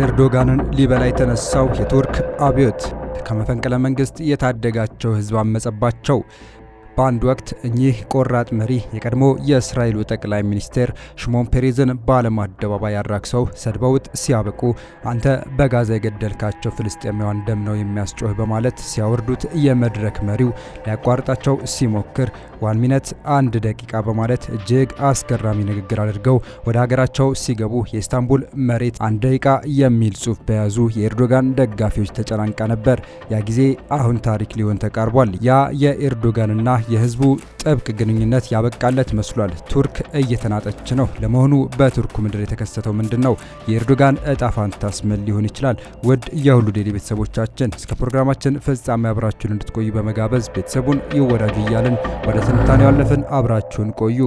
ኤርዶጋንን ሊበላ የተነሳው የቱርክ አብዮት ከመፈንቅለ መንግስት የታደጋቸው ህዝብ አመጸባቸው። በአንድ ወቅት እኚህ ቆራጥ መሪ የቀድሞ የእስራኤሉ ጠቅላይ ሚኒስቴር ሽሞን ፔሬዝን በዓለም አደባባይ አራክሰው ሰድበውት ሲያበቁ አንተ በጋዛ የገደልካቸው ፍልስጤማውያን ደም ነው የሚያስጮህ በማለት ሲያወርዱት የመድረክ መሪው ሊያቋርጣቸው ሲሞክር ዋን ሚነት አንድ ደቂቃ በማለት እጅግ አስገራሚ ንግግር አድርገው ወደ ሀገራቸው ሲገቡ የኢስታንቡል መሬት አንድ ደቂቃ የሚል ጽሑፍ በያዙ የኤርዶጋን ደጋፊዎች ተጨናንቃ ነበር። ያ ጊዜ አሁን ታሪክ ሊሆን ተቃርቧል። ያ የኤርዶጋንና የህዝቡ ጥብቅ ግንኙነት ያበቃለት መስሏል። ቱርክ እየተናጠች ነው። ለመሆኑ በቱርኩ ምድር የተከሰተው ምንድን ነው? የኤርዶጋን እጣ ፋንታስ ምን ሊሆን ይችላል? ውድ የሁሉ ዴይሊ ቤተሰቦቻችን እስከ ፕሮግራማችን ፍጻሜ አብራችሁን እንድትቆዩ በመጋበዝ ቤተሰቡን ይወዳጁ እያልን ወደ ትንታኔው ያለፍን፣ አብራችሁን ቆዩ።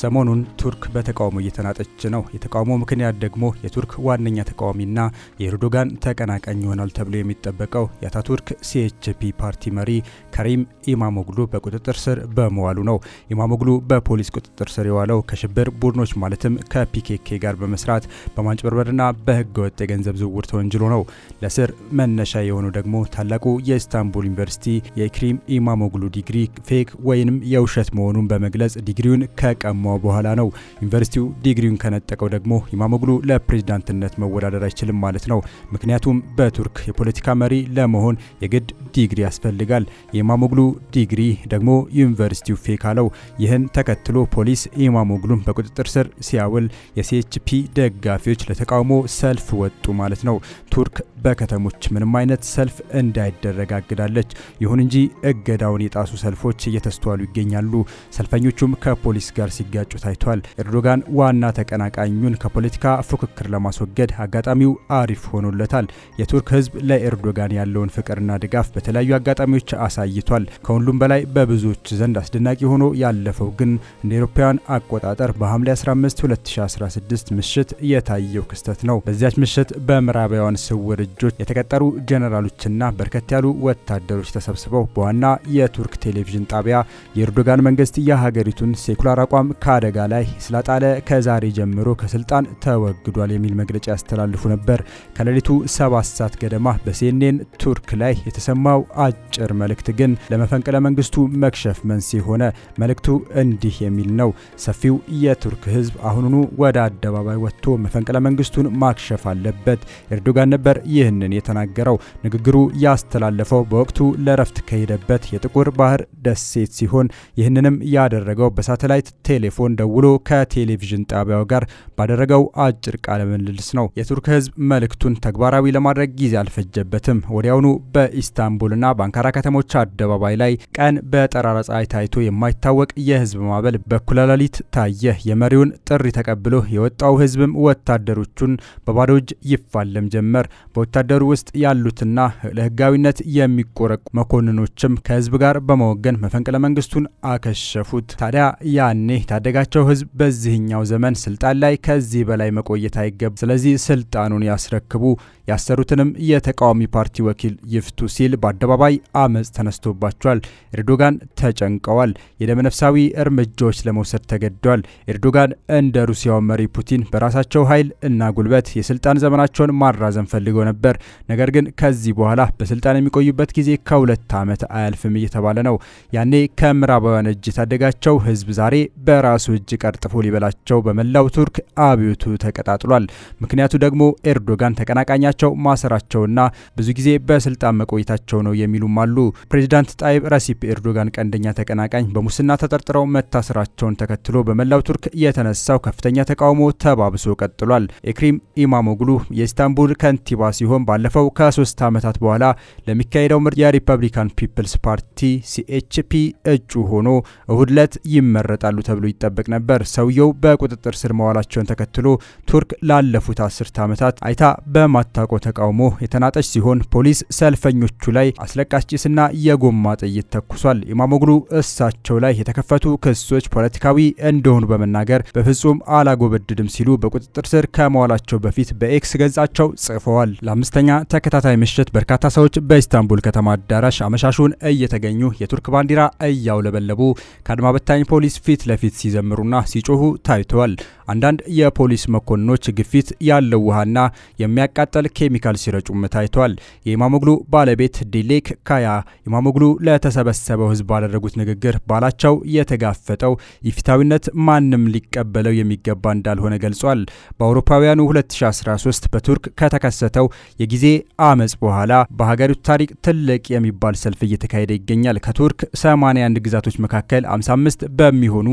ሰሞኑን ቱርክ በተቃውሞ እየተናጠች ነው። የተቃውሞ ምክንያት ደግሞ የቱርክ ዋነኛ ተቃዋሚና የኤርዶጋን ተቀናቃኝ ይሆናል ተብሎ የሚጠበቀው የአታቱርክ ሲኤችፒ ፓርቲ መሪ ከሪም ኢማሞግሉ በቁጥጥር ስር በመዋሉ ነው። ኢማሞግሉ በፖሊስ ቁጥጥር ስር የዋለው ከሽብር ቡድኖች ማለትም ከፒኬኬ ጋር በመስራት በማጭበርበርና በህገወጥ የገንዘብ ዝውውር ተወንጅሎ ነው። ለስር መነሻ የሆነው ደግሞ ታላቁ የኢስታንቡል ዩኒቨርሲቲ የክሪም ኢማሞግሉ ዲግሪ ፌክ ወይንም የውሸት መሆኑን በመግለጽ ዲግሪውን ከቀ ከተሰማው በኋላ ነው። ዩኒቨርሲቲው ዲግሪውን ከነጠቀው ደግሞ ኢማሞግሉ ለፕሬዝዳንትነት መወዳደር አይችልም ማለት ነው። ምክንያቱም በቱርክ የፖለቲካ መሪ ለመሆን የግድ ዲግሪ ያስፈልጋል። የኢማሞግሉ ዲግሪ ደግሞ ዩኒቨርሲቲው ፌክ አለው። ይህን ተከትሎ ፖሊስ ኢማሞግሉን በቁጥጥር ስር ሲያውል የሲኤችፒ ደጋፊዎች ለተቃውሞ ሰልፍ ወጡ ማለት ነው። ቱርክ በከተሞች ምንም አይነት ሰልፍ እንዳይደረግ አግዳለች። ይሁን እንጂ እገዳውን የጣሱ ሰልፎች እየተስተዋሉ ይገኛሉ። ሰልፈኞቹም ከፖሊስ ጋር ሲ ሲጋጩ ታይቷል። ኤርዶጋን ዋና ተቀናቃኙን ከፖለቲካ ፉክክር ለማስወገድ አጋጣሚው አሪፍ ሆኖለታል። የቱርክ ሕዝብ ለኤርዶጋን ያለውን ፍቅርና ድጋፍ በተለያዩ አጋጣሚዎች አሳይቷል። ከሁሉም በላይ በብዙዎች ዘንድ አስደናቂ ሆኖ ያለፈው ግን እንደ ኤሮፓውያን አቆጣጠር በሐምሌ 15 2016 ምሽት የታየው ክስተት ነው። በዚያች ምሽት በምዕራባውያን ስውር እጆች የተቀጠሩ ጀኔራሎችና በርከት ያሉ ወታደሮች ተሰብስበው በዋና የቱርክ ቴሌቪዥን ጣቢያ የኤርዶጋን መንግስት የሀገሪቱን ሴኩላር አቋም ከአደጋ ላይ ስላጣለ ከዛሬ ጀምሮ ከስልጣን ተወግዷል የሚል መግለጫ ያስተላልፉ ነበር። ከሌሊቱ ሰባት ሰዓት ገደማ በሲኤንኤን ቱርክ ላይ የተሰማው አጭር መልእክት ግን ለመፈንቅለ መንግስቱ መክሸፍ መንስኤ ሆነ። መልእክቱ እንዲህ የሚል ነው። ሰፊው የቱርክ ህዝብ አሁኑኑ ወደ አደባባይ ወጥቶ መፈንቅለ መንግስቱን ማክሸፍ አለበት። ኤርዶጋን ነበር ይህንን የተናገረው። ንግግሩ ያስተላለፈው በወቅቱ ለረፍት ከሄደበት የጥቁር ባህር ደሴት ሲሆን ይህንንም ያደረገው በሳተላይት ቴሌ ቴሌፎን ደውሎ ከቴሌቪዥን ጣቢያው ጋር ባደረገው አጭር ቃለ ምልልስ ነው። የቱርክ ህዝብ መልእክቱን ተግባራዊ ለማድረግ ጊዜ አልፈጀበትም። ወዲያውኑ በኢስታንቡልና በአንካራ ከተሞች አደባባይ ላይ ቀን በጠራራ ፀሐይ ታይቶ የማይታወቅ የህዝብ ማዕበል በኩለ ሌሊት ታየ። የመሪውን ጥሪ ተቀብሎ የወጣው ህዝብም ወታደሮቹን በባዶ እጅ ይፋለም ጀመር። በወታደሩ ውስጥ ያሉትና ለህጋዊነት የሚቆረቁ መኮንኖችም ከህዝብ ጋር በመወገን መፈንቅለ መንግስቱን አከሸፉት። ታዲያ ያኔ ያሳደጋቸው ህዝብ በዚህኛው ዘመን ስልጣን ላይ ከዚህ በላይ መቆየት አይገባም። ስለዚህ ስልጣኑን ያስረክቡ፣ ያሰሩትንም የተቃዋሚ ፓርቲ ወኪል ይፍቱ ሲል በአደባባይ አመፅ ተነስቶባቸዋል። ኤርዶጋን ተጨንቀዋል። የደመነፍሳዊ እርምጃዎች ለመውሰድ ተገደዋል። ኤርዶጋን እንደ ሩሲያው መሪ ፑቲን በራሳቸው ኃይል እና ጉልበት የስልጣን ዘመናቸውን ማራዘም ፈልገው ነበር። ነገር ግን ከዚህ በኋላ በስልጣን የሚቆዩበት ጊዜ ከሁለት ዓመት አያልፍም እየተባለ ነው። ያኔ ከምዕራባውያን እጅ የታደጋቸው ህዝብ ዛሬ በራ በራሱ እጅ ቀርጥፎ ሊበላቸው በመላው ቱርክ አብዮቱ ተቀጣጥሏል። ምክንያቱ ደግሞ ኤርዶጋን ተቀናቃኛቸው ማሰራቸውና ብዙ ጊዜ በስልጣን መቆየታቸው ነው የሚሉም አሉ። ፕሬዚዳንት ጣይብ ረሲፕ ኤርዶጋን ቀንደኛ ተቀናቃኝ በሙስና ተጠርጥረው መታሰራቸውን ተከትሎ በመላው ቱርክ የተነሳው ከፍተኛ ተቃውሞ ተባብሶ ቀጥሏል። ኤክሪም ኢማሞግሉ የኢስታንቡል ከንቲባ ሲሆን ባለፈው ከሶስት ዓመታት በኋላ ለሚካሄደው ምርጫ የሪፐብሊካን ፒፕልስ ፓርቲ ሲኤችፒ እጩ ሆኖ እሁድ ዕለት ይመረጣሉ ተብሎ ይጠበቅ ነበር። ሰውየው በቁጥጥር ስር መዋላቸውን ተከትሎ ቱርክ ላለፉት አስርተ ዓመታት አይታ በማታውቀው ተቃውሞ የተናጠች ሲሆን ፖሊስ ሰልፈኞቹ ላይ አስለቃሽ ጭስና የጎማ ጥይት ተኩሷል። ኢማሞግሉ እሳቸው ላይ የተከፈቱ ክሶች ፖለቲካዊ እንደሆኑ በመናገር በፍጹም አላጎበድድም ሲሉ በቁጥጥር ስር ከመዋላቸው በፊት በኤክስ ገጻቸው ጽፈዋል። ለአምስተኛ ተከታታይ ምሽት በርካታ ሰዎች በኢስታንቡል ከተማ አዳራሽ አመሻሹን እየተገኙ የቱርክ ባንዲራ እያውለበለቡ ከአድማ በታኝ ፖሊስ ፊት ለፊት ሲዘምሩና ሲጮሁ ታይተዋል። አንዳንድ የፖሊስ መኮንኖች ግፊት ያለው ውሃና የሚያቃጠል ኬሚካል ሲረጩም ታይተዋል። የኢማሞግሉ ባለቤት ዲሌክ ካያ ኢማሞግሉ ለተሰበሰበው ሕዝብ ባደረጉት ንግግር ባላቸው የተጋፈጠው ኢፍታዊነት ማንም ሊቀበለው የሚገባ እንዳልሆነ ገልጿል። በአውሮፓውያኑ 2013 በቱርክ ከተከሰተው የጊዜ አመፅ በኋላ በሀገሪቱ ታሪክ ትልቅ የሚባል ሰልፍ እየተካሄደ ይገኛል። ከቱርክ 81 ግዛቶች መካከል 55 በሚሆኑ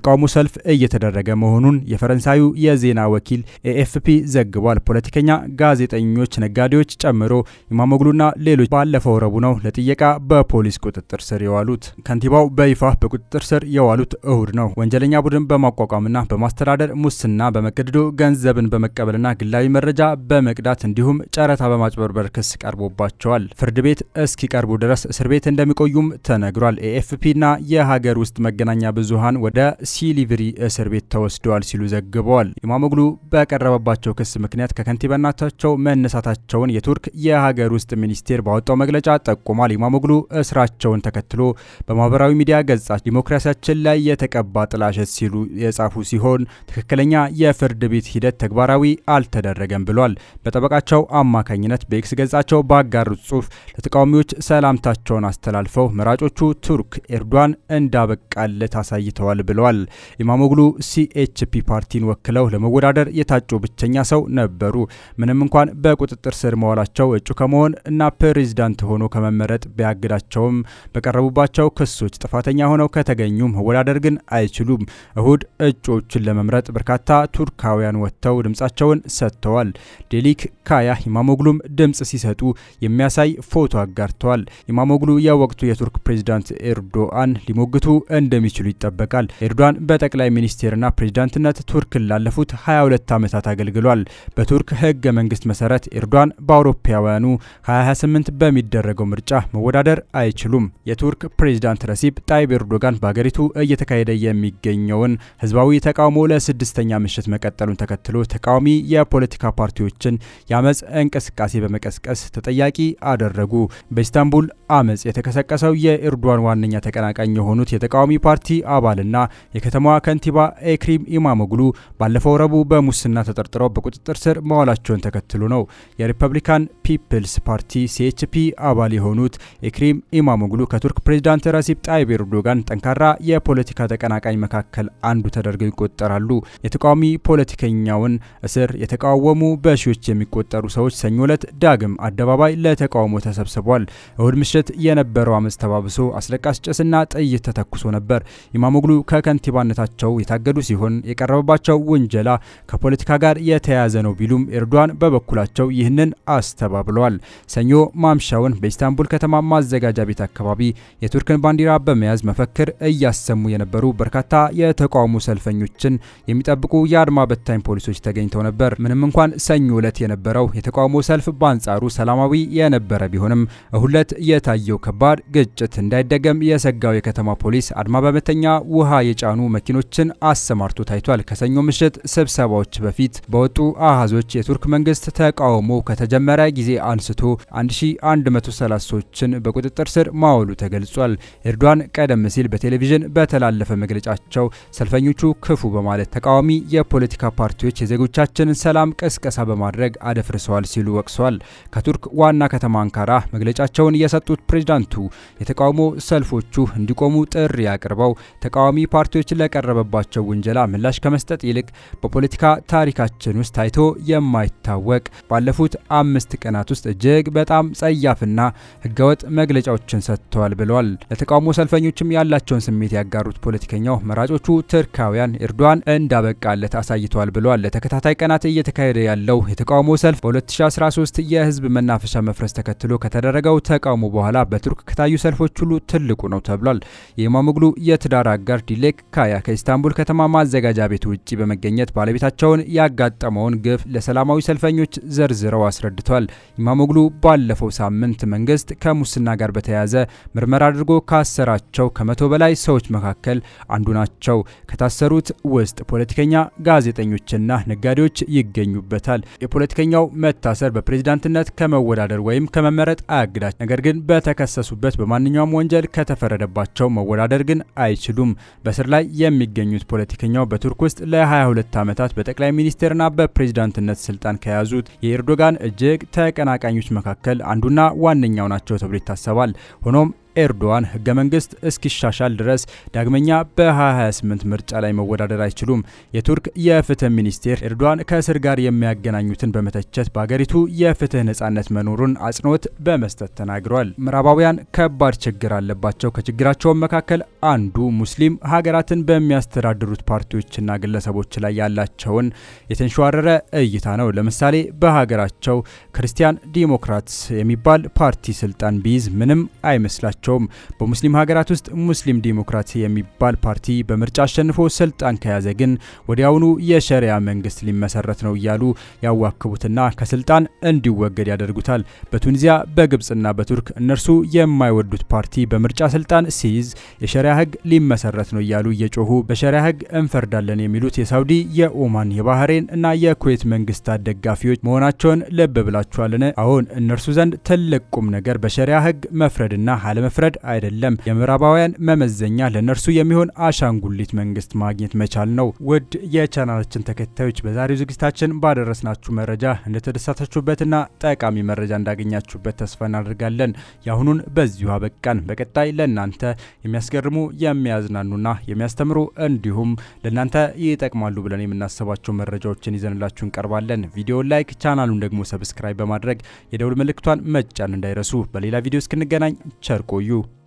የተቃውሞ ሰልፍ እየተደረገ መሆኑን የፈረንሳዩ የዜና ወኪል ኤኤፍፒ ዘግቧል። ፖለቲከኛ፣ ጋዜጠኞች፣ ነጋዴዎች ጨምሮ ኢማሞግሉና ሌሎች ባለፈው ረቡዕ ነው ለጥየቃ በፖሊስ ቁጥጥር ስር የዋሉት። ከንቲባው በይፋ በቁጥጥር ስር የዋሉት እሁድ ነው። ወንጀለኛ ቡድን በማቋቋምና በማስተዳደር ሙስና በመገደዶ ገንዘብን በመቀበልና ግላዊ መረጃ በመቅዳት እንዲሁም ጨረታ በማጭበርበር ክስ ቀርቦባቸዋል። ፍርድ ቤት እስኪቀርቡ ድረስ እስር ቤት እንደሚቆዩም ተነግሯል። ኤኤፍፒና የሀገር ውስጥ መገናኛ ብዙሃን ወደ ሲሊቭሪ እስር ቤት ተወስደዋል ሲሉ ዘግበዋል። ኢማሞግሉ በቀረበባቸው ክስ ምክንያት ከከንቲባነታቸው መነሳታቸውን የቱርክ የሀገር ውስጥ ሚኒስቴር ባወጣው መግለጫ ጠቁሟል። ኢማሞግሉ እስራቸውን ተከትሎ በማህበራዊ ሚዲያ ገጻቸው ዲሞክራሲያችን ላይ የተቀባ ጥላሸት ሲሉ የጻፉ ሲሆን ትክክለኛ የፍርድ ቤት ሂደት ተግባራዊ አልተደረገም ብሏል። በጠበቃቸው አማካኝነት በኤክስ ገጻቸው ባጋሩት ጽሁፍ ለተቃዋሚዎች ሰላምታቸውን አስተላልፈው መራጮቹ ቱርክ ኤርዶዋን እንዳበቃለት አሳይተዋል ብለዋል። ተናግረዋል። ኢማሞግሉ ሲኤችፒ ፓርቲን ወክለው ለመወዳደር የታጩ ብቸኛ ሰው ነበሩ። ምንም እንኳን በቁጥጥር ስር መዋላቸው እጩ ከመሆን እና ፕሬዚዳንት ሆኖ ከመመረጥ ቢያግዳቸውም በቀረቡባቸው ክሶች ጥፋተኛ ሆነው ከተገኙ መወዳደር ግን አይችሉም። እሁድ እጩዎችን ለመምረጥ በርካታ ቱርካውያን ወጥተው ድምጻቸውን ሰጥተዋል። ዴሊክ ካያ ኢማሞግሉም ድምጽ ሲሰጡ የሚያሳይ ፎቶ አጋርተዋል። ኢማሞግሉ የወቅቱ የቱርክ ፕሬዚዳንት ኤርዶአን ሊሞግቱ እንደሚችሉ ይጠበቃል። ኤርዶዋን በጠቅላይ ሚኒስቴርና ፕሬዚዳንትነት ቱርክን ላለፉት 22 ዓመታት አገልግሏል። በቱርክ ህገ መንግስት መሰረት ኤርዶዋን በአውሮፓውያኑ 2028 በሚደረገው ምርጫ መወዳደር አይችሉም። የቱርክ ፕሬዚዳንት ረሲፕ ጣይብ ኤርዶጋን በአገሪቱ እየተካሄደ የሚገኘውን ህዝባዊ ተቃውሞ ለስድስተኛ ምሽት መቀጠሉን ተከትሎ ተቃዋሚ የፖለቲካ ፓርቲዎችን የአመፅ እንቅስቃሴ በመቀስቀስ ተጠያቂ አደረጉ። በኢስታንቡል አመፅ የተቀሰቀሰው የኤርዶዋን ዋነኛ ተቀናቃኝ የሆኑት የተቃዋሚ ፓርቲ አባልና የከተማዋ ከንቲባ ኤክሪም ኢማሞግሉ ባለፈው ረቡዕ በሙስና ተጠርጥረው በቁጥጥር ስር መዋላቸውን ተከትሎ ነው። የሪፐብሊካን ፒፕልስ ፓርቲ ሲኤችፒ አባል የሆኑት ኤክሪም ኢማሞግሉ ከቱርክ ፕሬዚዳንት ረሲፕ ጣይብ ኤርዶጋን ጠንካራ የፖለቲካ ተቀናቃኝ መካከል አንዱ ተደርገው ይቆጠራሉ። የተቃዋሚ ፖለቲከኛውን እስር የተቃወሙ በሺዎች የሚቆጠሩ ሰዎች ሰኞ ዕለት ዳግም አደባባይ ለተቃውሞ ተሰብስቧል። እሁድ ምሽት የነበረው አመፅ ተባብሶ አስለቃሽ ጭስና ጥይት ተተኩሶ ነበር። ኢማሞግሉ ከከን ከንቲባነታቸው የታገዱ ሲሆን የቀረበባቸው ውንጀላ ከፖለቲካ ጋር የተያያዘ ነው ቢሉም ኤርዶዋን በበኩላቸው ይህንን አስተባብለዋል። ሰኞ ማምሻውን በኢስታንቡል ከተማ ማዘጋጃ ቤት አካባቢ የቱርክን ባንዲራ በመያዝ መፈክር እያሰሙ የነበሩ በርካታ የተቃውሞ ሰልፈኞችን የሚጠብቁ የአድማ በታኝ ፖሊሶች ተገኝተው ነበር። ምንም እንኳን ሰኞ ዕለት የነበረው የተቃውሞ ሰልፍ በአንጻሩ ሰላማዊ የነበረ ቢሆንም እሁድ ዕለት የታየው ከባድ ግጭት እንዳይደገም የሰጋው የከተማ ፖሊስ አድማ በመተኛ ውሃ የጫ የጫኑ መኪኖችን አሰማርቶ ታይቷል። ከሰኞ ምሽት ስብሰባዎች በፊት በወጡ አሃዞች የቱርክ መንግስት ተቃውሞ ከተጀመረ ጊዜ አንስቶ 1130 ሰዎችን በቁጥጥር ስር ማዋሉ ተገልጿል። ኤርዶዋን ቀደም ሲል በቴሌቪዥን በተላለፈ መግለጫቸው ሰልፈኞቹ ክፉ በማለት ተቃዋሚ የፖለቲካ ፓርቲዎች የዜጎቻችንን ሰላም ቅስቀሳ በማድረግ አደፍርሰዋል ሲሉ ወቅሰዋል። ከቱርክ ዋና ከተማ አንካራ መግለጫቸውን የሰጡት ፕሬዚዳንቱ የተቃውሞ ሰልፎቹ እንዲቆሙ ጥሪ አቅርበው ተቃዋሚ ፓርቲዎች ፓርቲዎች ለቀረበባቸው ውንጀላ ምላሽ ከመስጠት ይልቅ በፖለቲካ ታሪካችን ውስጥ ታይቶ የማይታወቅ ባለፉት አምስት ቀናት ውስጥ እጅግ በጣም ጸያፍና ህገወጥ መግለጫዎችን ሰጥተዋል ብለዋል። ለተቃውሞ ሰልፈኞችም ያላቸውን ስሜት ያጋሩት ፖለቲከኛው መራጮቹ ትርካውያን ኤርዶዋን እንዳበቃለት አሳይተዋል ብለዋል። ለተከታታይ ቀናት እየተካሄደ ያለው የተቃውሞ ሰልፍ በ2013 የህዝብ መናፈሻ መፍረስ ተከትሎ ከተደረገው ተቃውሞ በኋላ በቱርክ ከታዩ ሰልፎች ሁሉ ትልቁ ነው ተብሏል። የኢማሞግሉ የትዳር አጋር ዲሌክ ካያ ከኢስታንቡል ከተማ ማዘጋጃ ቤት ውጭ በመገኘት ባለቤታቸውን ያጋጠመውን ግፍ ለሰላማዊ ሰልፈኞች ዘርዝረው አስረድቷል። ኢማሞግሉ ባለፈው ሳምንት መንግስት ከሙስና ጋር በተያያዘ ምርመራ አድርጎ ካሰራቸው ከመቶ በላይ ሰዎች መካከል አንዱ ናቸው። ከታሰሩት ውስጥ ፖለቲከኛ፣ ጋዜጠኞችና ነጋዴዎች ይገኙበታል። የፖለቲከኛው መታሰር በፕሬዝዳንትነት ከመወዳደር ወይም ከመመረጥ አያግዳቸው፣ ነገር ግን በተከሰሱበት በማንኛውም ወንጀል ከተፈረደባቸው መወዳደር ግን አይችሉም። በስር ላይ ላይ የሚገኙት ፖለቲከኛው በቱርክ ውስጥ ለ22 ዓመታት በጠቅላይ ሚኒስትርና በፕሬዝዳንትነት ስልጣን ከያዙት የኤርዶጋን እጅግ ተቀናቃኞች መካከል አንዱና ዋነኛው ናቸው ተብሎ ይታሰባል። ሆኖም ኤርዶዋን ህገ መንግስት እስኪሻሻል ድረስ ዳግመኛ በ2028 ምርጫ ላይ መወዳደር አይችሉም። የቱርክ የፍትህ ሚኒስቴር ኤርዶዋን ከእስር ጋር የሚያገናኙትን በመተቸት በአገሪቱ የፍትህ ነጻነት መኖሩን አጽንኦት በመስጠት ተናግሯል። ምዕራባውያን ከባድ ችግር አለባቸው። ከችግራቸውን መካከል አንዱ ሙስሊም ሀገራትን በሚያስተዳድሩት ፓርቲዎችና ግለሰቦች ላይ ያላቸውን የተንሸዋረረ እይታ ነው። ለምሳሌ በሀገራቸው ክርስቲያን ዲሞክራትስ የሚባል ፓርቲ ስልጣን ቢይዝ ምንም አይመስላቸው ናቸውም። በሙስሊም ሀገራት ውስጥ ሙስሊም ዲሞክራሲ የሚባል ፓርቲ በምርጫ አሸንፎ ስልጣን ከያዘ ግን ወዲያውኑ የሸሪያ መንግስት ሊመሰረት ነው እያሉ ያዋክቡትና ከስልጣን እንዲወገድ ያደርጉታል። በቱኒዚያ በግብፅና በቱርክ እነርሱ የማይወዱት ፓርቲ በምርጫ ስልጣን ሲይዝ የሸሪያ ህግ ሊመሰረት ነው እያሉ እየጮሁ በሸሪያ ህግ እንፈርዳለን የሚሉት የሳውዲ፣ የኦማን፣ የባህሬን እና የኩዌት መንግስታት ደጋፊዎች መሆናቸውን ልብ ብላችኋልን? አሁን እነርሱ ዘንድ ትልቅ ቁም ነገር በሸሪያ ህግ መፍረድና አለመ መፍረድ አይደለም። የምዕራባውያን መመዘኛ ለነርሱ የሚሆን አሻንጉሊት መንግስት ማግኘት መቻል ነው። ውድ የቻናላችን ተከታዮች በዛሬው ዝግጅታችን ባደረስናችሁ መረጃ እንደተደሳታችሁበትና ጠቃሚ መረጃ እንዳገኛችሁበት ተስፋ እናደርጋለን። የአሁኑን በዚሁ አበቃን። በቀጣይ ለእናንተ የሚያስገርሙ የሚያዝናኑና የሚያስተምሩ እንዲሁም ለእናንተ ይጠቅማሉ ብለን የምናስባቸው መረጃዎችን ይዘንላችሁ እንቀርባለን። ቪዲዮ ላይክ፣ ቻናሉን ደግሞ ሰብስክራይብ በማድረግ የደውል ምልክቷን መጫን እንዳይረሱ። በሌላ ቪዲዮ እስክንገናኝ ቸርቆ you